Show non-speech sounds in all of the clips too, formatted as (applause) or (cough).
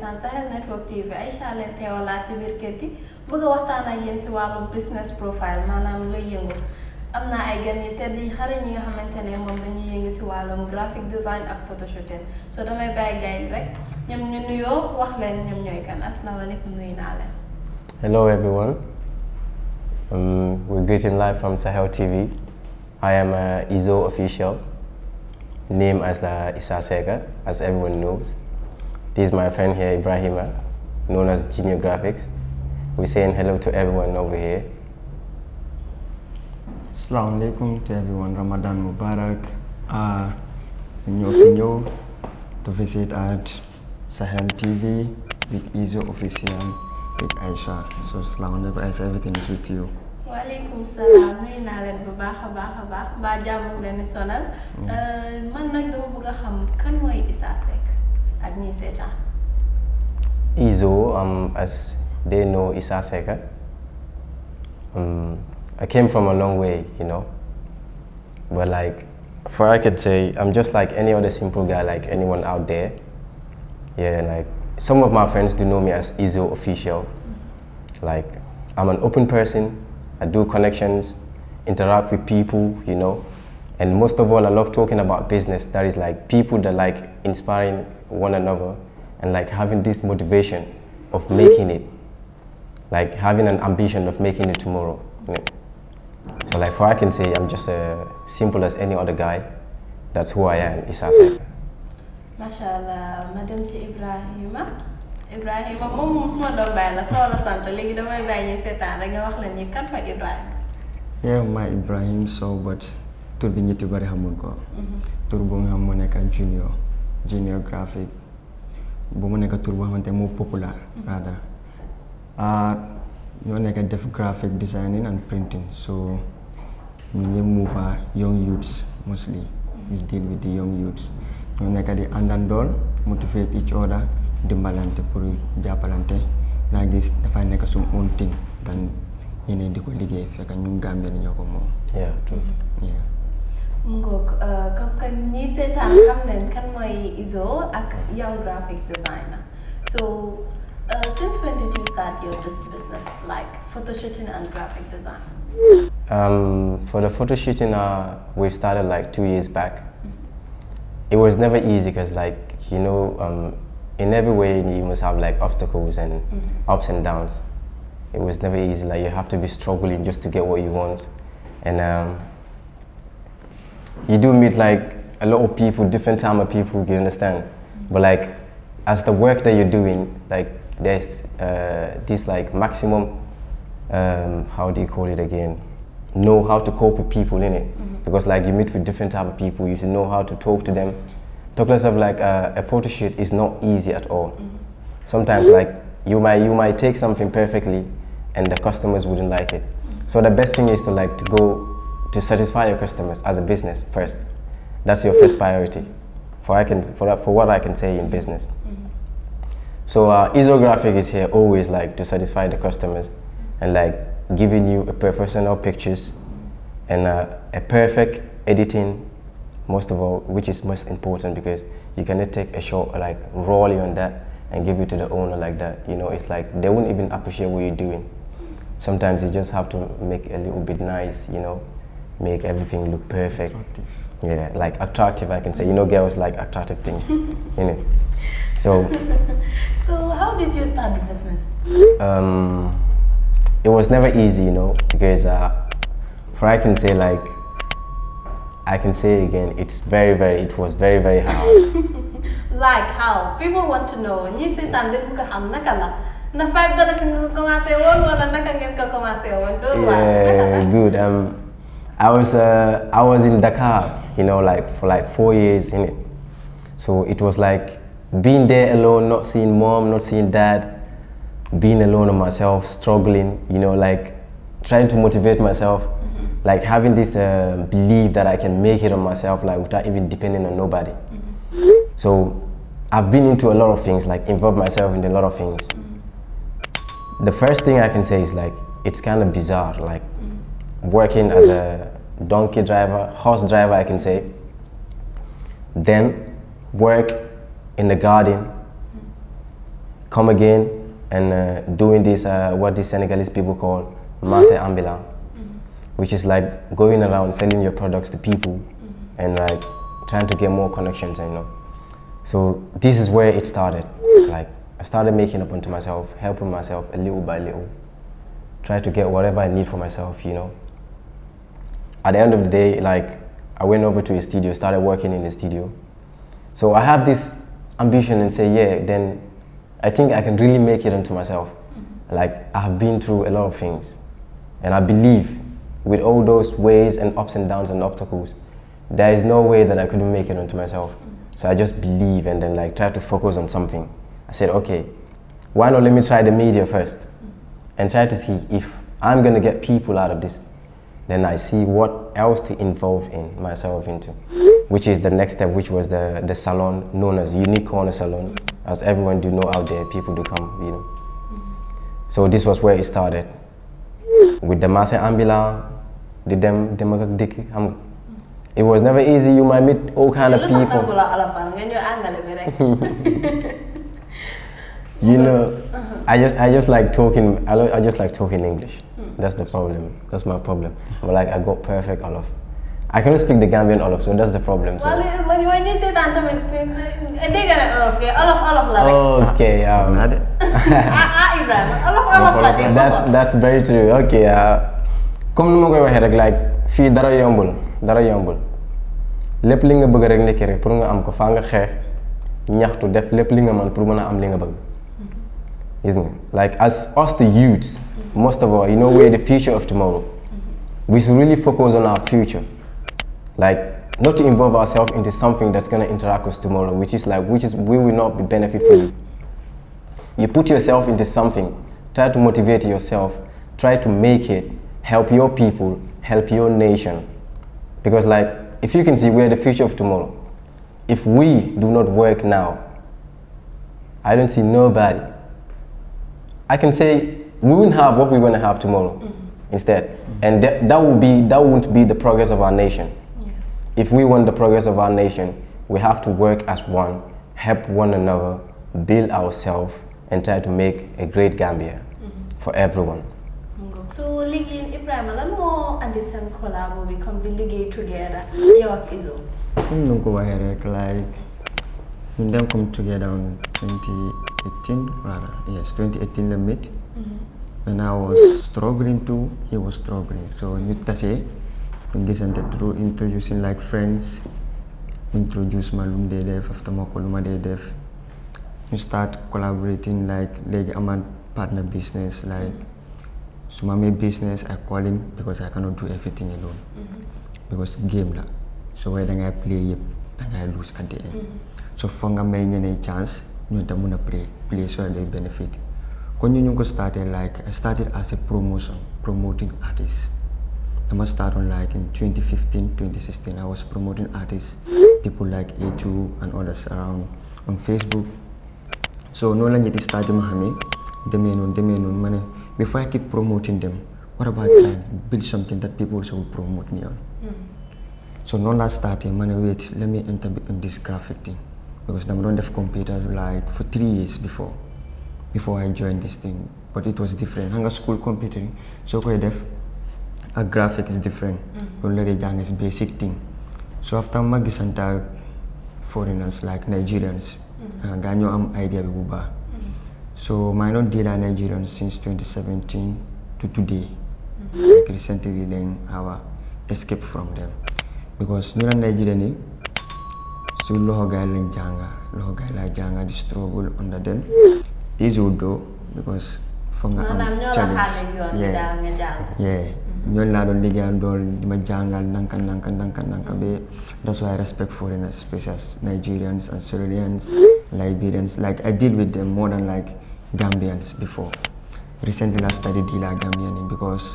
seetaan Sahel Network TV Aïcha leen si biir kër gi bëgg a waxtaan ak yéen si wàllu business profile maanaam luy yëngu am naa ay gan yu tedd yi xale ñi nga xamante ne moom dañuy yëngu si wàllum graphic design ak photoshooting soo damay bàyyi gars rek ñu nuyoo wax leen ñoom ñooy kan asalaamaaleykum nuyu naa leen. hello everyone um, we're greeting live from Sahel TV I am a uh, ISO official. name as the uh, Issa as everyone knows. This is my friend here, Ibrahima, known as Genio Graphics. We're saying hello to everyone over here. Assalamu alaikum to everyone. Ramadan Mubarak. Uh, ah, Nyo Kinyo to visit at Sahel TV with Izo Official with Aisha. So Assalamu alaikum as everything is with you. waaleykum salaam nuyu naa leen bu baax a baax a baax mbaa jàmm leen di sonal mm. ah, man nag dama bëgg a xam kan mooy Issa Seck administrator? Izo, um, as they know, is Aseka. Um, I came from a long way, you know. But like, for I could say, I'm just like any other simple guy, like anyone out there. Yeah, like some of my friends do know me as Izo official. Like, I'm an open person. I do connections, interact with people, you know. And most of all, I love talking about business. That is like people that like inspiring one another and like having this motivation of mm-hmm. making it, like having an ambition of making it tomorrow. Yeah. So like for I can say, I'm just as uh, simple as any other guy. That's who I am, Isasa. Mm-hmm. Mashallah, Madam Ibrahima. Ibrahima moom moom su ma doon bàyyi la soo la sant léegi damay bàyyi ñu seetaan rek nga wax leen ni kan fa Ibrahima. Yeah, my Ibrahim so but tour bi ñetti bari xamul ko mhm. tour bu nga mo nekk kan junior junior graphic bu mo nekk tour bu xamante mo popular mhm. rather ah ñoo nekk def graphic designing and printing so ñu ñe move ah, young youths mostly mhm. we deal with the young youths ñu nekk kan di àndandool motivate each other dimbalante pour jappalante laa gis dafa nekk sum own thing dan ñeneen di ko liggéey fekk ñun Gambien ñoko mom yeah true yeah Ngoog comme que ñi seetaan kan mooy Izo ak yow graphic designer so uh, since when did you start your this business like photo shooting and graphic design? Um, for the photo shooting, uh, we've started like two years back. It was never easy because like you know um, in every way you must have like obstacles and mm -hmm. ups and downs. It was never easy. Like you have to be struggling just to get what you want, and um, you do meet like a lot of people, different type of people, you understand? But like, as the work that you're doing, like there's uh, this like maximum, um, how do you call it again? Know how to cope with people in it, mm -hmm. because like you meet with different type of people, you should know how to talk to them. Talk less of like uh, a photo shoot is not easy at all. Mm -hmm. Sometimes like you might you might take something perfectly, and the customers wouldn't like it. Mm-hmm. So the best thing is to like to go to satisfy your customers as a business first. That's your first priority, for, I can, for, for what I can say in business. Mm-hmm. So uh, Isographic is here always like to satisfy the customers and like giving you a professional pictures and uh, a perfect editing most of all which is most important because you cannot take a shot like rawly on that and give it to the owner like that you know it's like they won't even appreciate what you're doing mm-hmm. sometimes you just have to make a little bit nice you know make everything look perfect. Attractive. Yeah, like attractive, I can say. You know, girls like attractive things, (laughs) you know. So. (laughs) so how did you start the business? Um, it was never easy, you know, because uh, for I can say like, I can say again, it's very, very, it was very, very hard. (laughs) like how? People want to know. Ni say tandem ko ham nakala. Na five dollars in ko masewon wala nakangin ko ko masewon. Yeah, good. Um, I was uh, I was in Dakar, you know, like for like four years in it. So it was like being there alone, not seeing mom, not seeing dad, being alone on myself, struggling, you know, like trying to motivate myself, mm-hmm. like having this uh, belief that I can make it on myself, like without even depending on nobody. Mm-hmm. So I've been into a lot of things, like involved myself in a lot of things. Mm-hmm. The first thing I can say is like it's kind of bizarre, like working as a donkey driver, horse driver, I can say. Then work in the garden, come again and uh, doing this, uh, what the Senegalese people call masse ambila, which is like going around selling your products to people and like trying to get more connections, you know. So this is where it started. Like I started making up unto myself, helping myself a little by little, try to get whatever I need for myself, you know at the end of the day, like I went over to his studio, started working in his studio. So I have this ambition and say, yeah, then I think I can really make it onto myself. Mm -hmm. Like I have been through a lot of things, and I believe with all those ways and ups and downs and obstacles, there is no way that I couldn't make it onto myself. Mm -hmm. So I just believe and then like try to focus on something. I said, okay, why not let me try the media first mm-hmm. and try to see if I'm gonna get people out of this then I see what else to involve in myself into, which is the next step, which was the, the salon known as Unique Corner Salon. As everyone do know out there, people do come, you know. So this was where it started. With the Masa Ambila, the dem demagag diki, um, it was never easy. You might meet all kind of people. (laughs) you know, uh-huh. I just I just like talking. I, I just like talking English. That's the problem. That's my problem. But like I got perfect Olaf. I cannot speak the Gambian Olaf, very true. Okay, uh, comme ni ma koy waxee rek like fii dara yombul dara yombul lépp li nga bëgg rek nekki rek pour nga am ko faa nga xeex ñaxtu def lépp li nga mën pour mën a am li nga bëgg mm-hmm. like as us the most of all, you know, we're the future of tomorrow. We should really focus on our future. Like, not to involve ourselves into something that's gonna interact with tomorrow, which is like, which is, we will not be benefit from. You put yourself into something, try to motivate yourself, try to make it, help your people, help your nation. Because like, if you can see, we're the future of tomorrow. If we do not work now, I don't see nobody. I can say we wouldn't have what we want to have tomorrow mm -hmm. instead. Mm -hmm. And that, that will be that won't be the progress of our nation. Yeah. If we want the progress of our nation, we have to work as one, help one another, build ourselves, and try to make a great Gambia mm -hmm. for everyone. so liggéey Ibrahima lan moo andi seen collabo bi comme di liggéey together hmm. yow ak Izo. comme ni not waxee rek like we then come together on 2018, rather, yes, 2018 the meet. Mm -hmm. And I was struggling too, he was struggling. So, Nutase, ngisante through introducing like friends, introduce Malum de Def, after Makuluma de Def. You start collaborating like, like I'm a partner business, like, so my business, I call him because I cannot do everything alone. Mm -hmm. Because game, la. so whether I play, and I lose at the end. Mm -hmm. so fanga may ñene chance ñu ta mëna play play so lay benefit ko ñu ko started like I started as a promotion promoting artists I start on like in 2015 2016 I was promoting artists people like A2 and others around on Facebook so no lang yeti started mahami deme non deme non mané before I keep promoting them what about I build something that people also promote me on hmm. so non that started mané wait let me enter in this graphic thing because I don't have computer like for three years before, before I joined this thing. But it was different. Hanga school computer, so I def a graphic is different. Already mm -hmm. is basic thing. So after magisanta foreigners like Nigerians, mm-hmm. uh, ganyo am um, idea buba. Mm-hmm. So my non dealer Nigerians since 2017 to today. Mm -hmm. Like recently then our escape from them because Nigerian Nigerian eh? so lohogai la janga lohogai la janga di struggle under them izudo because fonga am challenge yeah yeah ñol mm-hmm. la don liggéeyam dool dima jangal nanka nanka nanka nanka be that's why I respect foreigners especially Nigerians and Syrians, mm-hmm. Liberians like I deal with them more than like Gambians before recently I studied dila Gambian because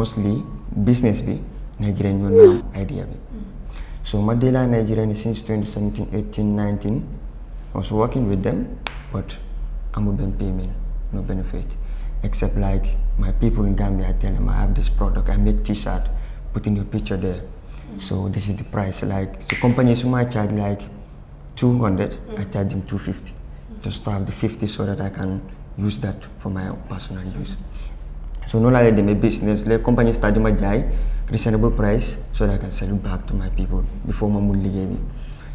mostly business be Nigerian ñol mm-hmm. idea be So Madela Nigeria since 2017, 18, 19, I was working with them, but I'm open payment, no benefit. Except like my people in Gambia, I tell them I have this product, I make t-shirt, put in your picture there. Mm -hmm. So this is the price. Like the so is who charge like 200, mm -hmm. I charge them 250, mm -hmm. just to have the 50 so that I can use that for my personal use. So no like they make business, the company study my jai, reasonable price so that I can sell it back to my people before my money gave me.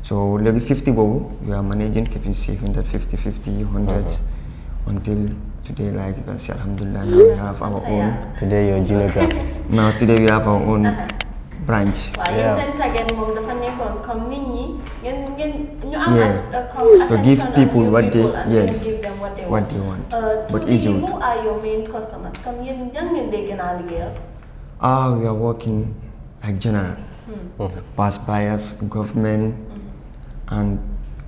So like 50 bobo, we are managing, keeping safe in that 50, 50, 100 uh -huh. until today like you can see Alhamdulillah now we have our own. Today you're geographers. (laughs) now today we have our own branch. yeah. yeah. Uh, to give people what they, yes, what they want. Uh, but easy. Who are your main customers? Come young they can all oh, we are working like general, hmm. mm-hmm. pass buyers, government, mm-hmm. and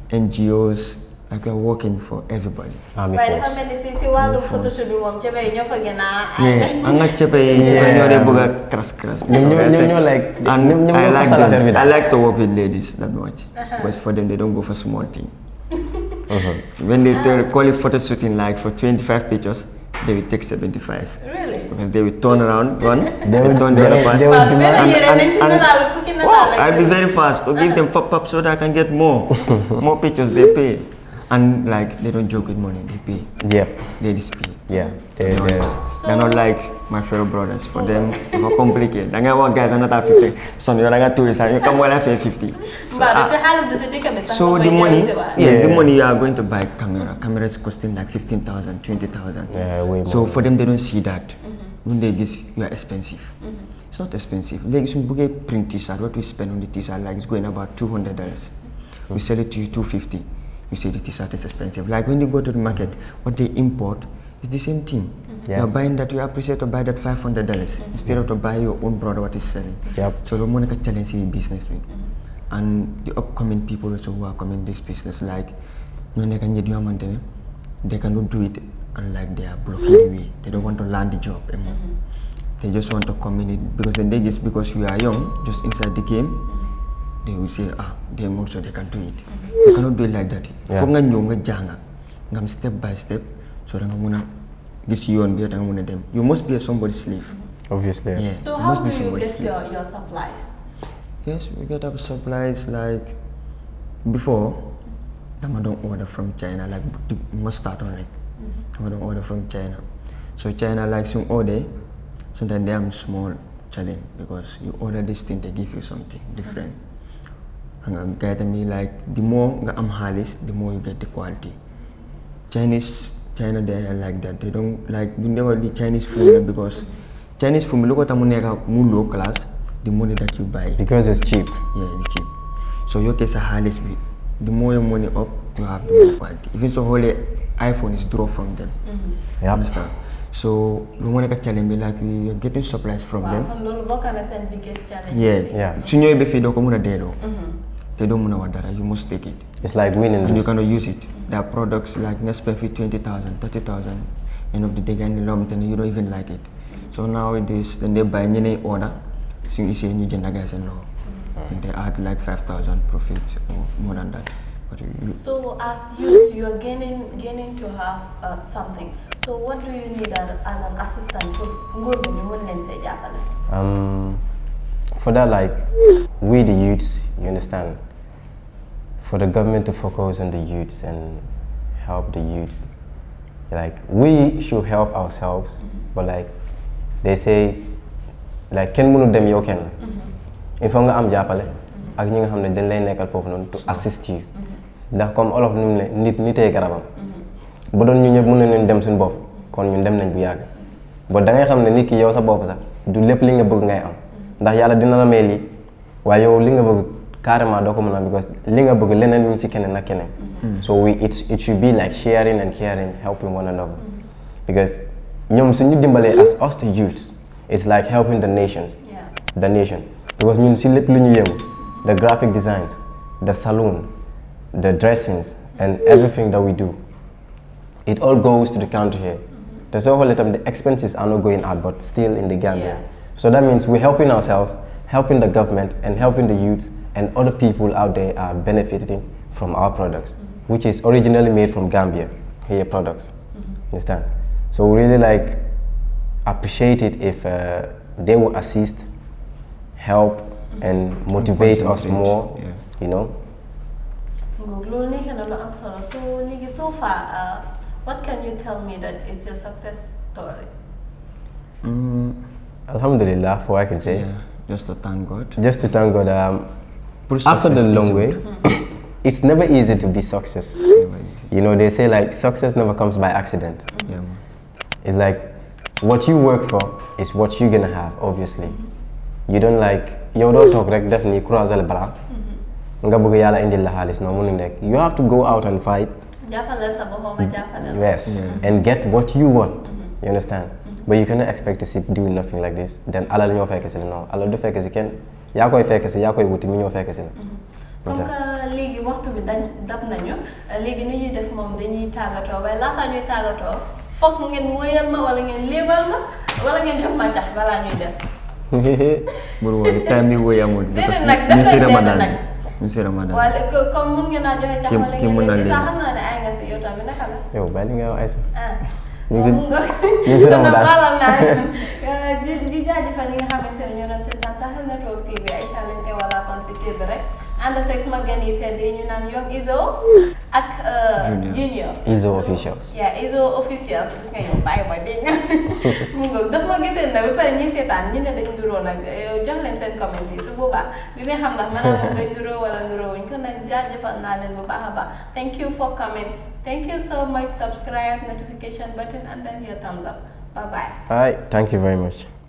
NGOs, like we are working for everybody. Army but how many since you want to photo should be one, chebe inyo fagena. Yeah, ang nga chebe inyo inyo de buga kras kras. Inyo inyo like I like them. I like to work with ladies that much uh-huh. because for them they don't go for small thing. Mm-hmm. When they ah. call it photo shooting like for 25 pictures, they will take 75. Really? because they will turn around one, (laughs) they will turn the other one. They will demand. Oh, I'll be very fast I'll give them (laughs) pop up so that I can get more, more pictures. They pay, and like they don't joke with money. They pay. Yeah. They just pay. Yeah. They, they, they're not like my fellow brothers. For them, it's more complicated. They get one not another fifty. So you like two is you come well after fifty. Ah. So, uh, so the money, yeah, yeah, the money you are going to buy camera. Camera is costing like 15,000, 20,000. Yeah, way more. So for them, they don't see that. When they lay you are expensive. Mm-hmm. it's not expensive léegi suñu bëggee print t-shirt what we spend on the t-shirt like it's going about two hundred dollars. we sell it to you two fifty. you say the t-shirt is expensive. Like when you go to the market, what they import is the same thing. Mm-hmm. Yeah. You're buying that, you appreciate to buy that five hundred dollars mm-hmm. instead of to buy your own product what is selling. Yep. So the Monica challenge in business And the upcoming people also who are coming in this business, like when they can get your it, eh? they cannot do it and like they are blocking the hmm? way. They don't want to land the job anymore. Mm -hmm. They just want to come in it because the thing is because we are young, just inside the game, mm-hmm. they will say, ah, they sure they can do it. Mm-hmm. You cannot do it like that. For nga ñëw nga jàng nga step by step so that nga this year and yoon bi them. nga You must be somebody's slave. Mm-hmm. Obviously. Yeah. So how do you get your, your supplies? Yes, we get our supplies like before. Dama don't order from China like mustard on like I don't order from China. So China likes you order, sometimes they have small challenge because you order this thing, they give you something different. And I'm getting me like the more I'm halis, the more you get the quality. Chinese China they are like that. They don't like you never the Chinese food hmm? because Chinese food look at amunera more low class, the money that you buy. Because it's cheap. Yeah, it's cheap. So your case a halis the more your money up, you have the more quality. Even so holy iPhone is dropped from them. Mm -hmm. Understand? So lu ma nekk challenge bi like you're getting supplies from them. waaw loolu bokk na seen biggest challenge. yeah su ñëwee ba fii doo ko mun a delloo. te doo mun a wax dara you must take it. it's like winning. and you cannot use it. There are products like nga spend fi twenty thousand thirty thousand end of the day nga ne loo xamante ne you don't even like it. Mm-hmm. so it is dañ dee bàyyi ñeneen order suñu isee ñu jënd ak seen loxo. and they add like five thousand profit or more than that. You, so as youth, you are gaining, gaining to have uh, something. So what do you need as, as an assistant to um, For that, like, we the youths, you understand, for the government to focus on the youths and help the youths, like, we should help ourselves, mm -hmm. but like, they say, like, ken mënul dem yoken. If i am japa mm-hmm. ak ñi nga xam ne dañ lay to assist you. Mm -hmm. ndax comme olof nu ne nit nitee garabam mhm. bu doon ñu ñëpp mën nañu dem suñu bopp kon ñun dem nañ bu yàgg ba da ngay xam ne nit ki yow sa bopp sax du lépp li nga bëgg ngay am mhm. ndax yàlla dina la may lii waaye yow li nga bëgg carrément doo ko mun a am because li nga bëgg leneen ñu si keneen ak keneen. Mhm. so we it it should be like sharing and caring helping one another because ñoom suñu dimbalee as us the youths it's like helping the nations. the nation because ñun si lépp lu ñu yëngu the graphic designs the saloon. the dressings and everything that we do, it all goes to the country here. That's all the time the expenses are not going out, but still in the Gambia. Yeah. So that means we're helping ourselves, helping the government, and helping the youth and other people out there are benefiting from our products, mm-hmm. which is originally made from Gambia here products. Mm-hmm. Understand? So we really like appreciate it if uh, they will assist, help, mm-hmm. and motivate us more. Yeah. You know, googluni cannot answer so so far what can you tell me that is your success story mm, alhamdulillah for what i can say yeah, just to thank god just to thank god um, after the long way (coughs) it's never easy to be success you know they say like success never comes by accident yeah, it's like what you work for is what you're gonna have obviously you don't like your daughter, toog definitely def ni croiser nga bëgg yàlla indil la xaalis non mënul nekk you have to go out and fight. jàppale sa boppam a jàppale. yes mm-hmm. Mm-hmm. and get what you want. Mm-hmm. you understand but you cannot expect to sit nothing like this then alal ñoo fekk si la non alal du fekk si kenn yaa koy fekk si yaa koy wuti mi ñoo fekk si la. comme que léegi waxtu bi dañ dab nañu euh, léegi nu ñuy def moom dañuy tàggatoo waaye laata ñuy tàggatoo foog ngeen wóoyal ma wala ngeen léebal ma wala ngeen (laughs) (laughs) Ah. monsieur Ramadan waaye mun a joxe caxawal mun na léegi xam naa nga si yow tamit naka la. yow bàyyi li nga wax Aïssa. ñu ngi si ñu ngi si Ramadan di jaajëfal ñi nga xamante ne ñoo doon seetaan Sahel Network TV ay xale lañ koy walaatoon si kii rek. ànd the sex gan yi tedd ñu naan Izo. ak junior Izo officials. Yeah, Izo officials gis nga yow bàyyi ma dégg nga mu ngoog daf ma gisee na ba pare ñi seetaan ñu ne dañ duroo na. jox leen seen comment yi su boobaa dina xam ndax man moom dañ duroo wala duroo wuñ na nag jaajëfal naa leen bu baax a baax thank you for comment thank you so much subscribe notification button and then your thumbs up bye bye. bye thank you very much.